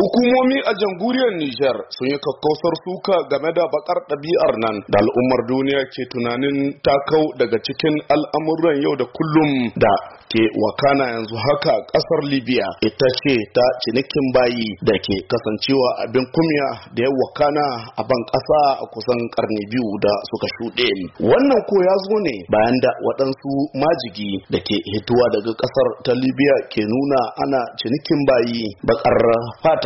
Hukumomi a jamhuriyar Nijar sun yi kakkausar suka game da bakar ɗabi'ar nan da al'ummar duniya ke tunanin takau daga cikin al'amuran yau da kullum da ke wakana yanzu haka ƙasar Libya ita ce ta cinikin bayi da ke kasancewa abin kumya da ya wakana a ban ƙasa a kusan karni biyu da suka shuɗe. Wannan ko ya zo ne bayan da waɗansu majigi da ke hituwa daga ƙasar ta Libya ke nuna ana cinikin bayi bakar fata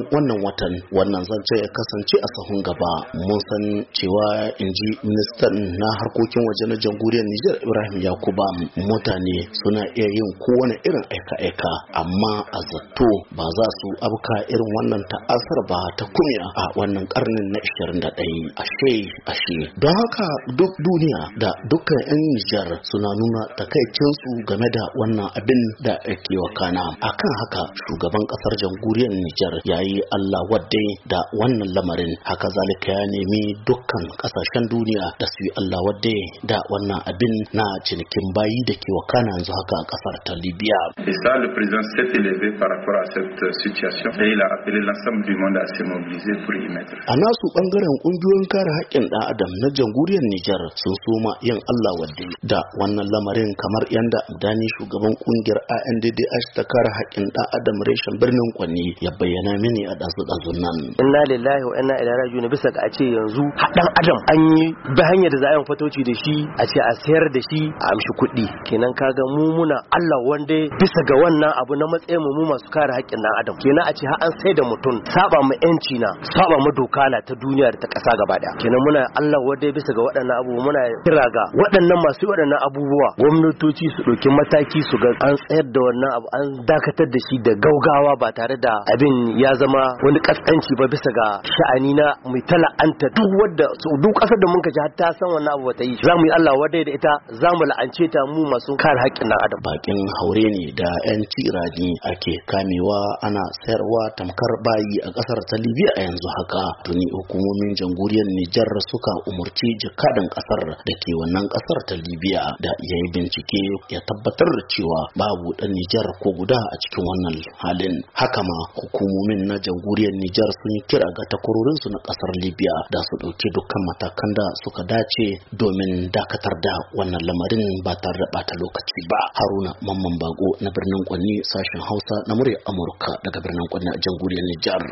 wannan watan wannan zance ya kasance a sahun gaba mun san cewa in ji ministan na harkokin waje na jamhuriyar Nijar Ibrahim Yakuba mutane suna iya yin kowane irin aika-aika amma a zato ba za su abka irin wannan ta'asar ba ta kunya a wannan karnin na 21 ashe ashe don haka duk duniya da dukkan 'yan Nijar suna nuna takaicinsu game da wannan abin da ke wakana akan haka shugaban kasar jamhuriyar Nijar ya yi Allah wadde da wannan lamarin haka zalika ya nemi dukkan kasashen duniya da su yi Allah wadde da wannan abin na cinikin bayi da ke wakana yanzu haka a kasar ta Libya. Isa le président s'est élevé par rapport à cette situation a appelé l'ensemble du monde à se mobiliser pour A nasu bangaren kungiyoyin kare haƙƙin ɗan adam na jamhuriyar Nijar sun soma yin Allah wadde da wannan lamarin kamar yanda Abdani shugaban kungiyar ANDDH ta kare haƙƙin ɗan adam reshen birnin Kwanni ya bayyana min ne a dasu dasun nan inna lillahi wa inna ilaihi raji'un bisa ga a ce yanzu ɗan adam an yi ba hanyar da za a yi fatoci da shi a ce a sayar da shi a amshi kuɗi kenan kaga mu muna Allah wanda bisa ga wannan abu na matsayin mu masu kare haƙƙin dan adam kenan a ce har an sai da mutum saba mu yanci na saba mu doka na ta duniya da ta kasa gaba daya kenan muna Allah wanda bisa ga waɗannan abubuwa muna kira ga waɗannan masu waɗannan abubuwa gwamnatoci su ɗauki mataki su ga an tsayar da wannan abu an dakatar da shi da gaugawa ba tare da abin ya zama wani kaskanci ba bisa ga sha'ani na mai tala'anta duk wadda duk kasar da mun ji har ta san wannan abu ta yi za mu yi Allah wadai da ita za mu la'ance ta mu masu kare haƙƙin ɗan adam bakin haure ne da yan cirani ake kamewa ana sayarwa tamkar bayi a kasar ta Libya a yanzu haka tuni hukumomin jamhuriyar Nijar suka umurci jakadan kasar da ke wannan kasar ta Libya da yayi bincike ya tabbatar da cewa babu dan Nijar ko guda a cikin wannan halin haka ma hukumomin na jamhuriyar Nijar sun yi kira ga takwarorinsu na kasar Libya da su ɗauki dukkan matakan da suka dace domin dakatar da wannan lamarin ba tare da bata lokaci ba. Haruna Mamman Bago na birnin Kwanni sashen Hausa na murya Amurka daga birnin Kwanni a jamhuriyar Nijar.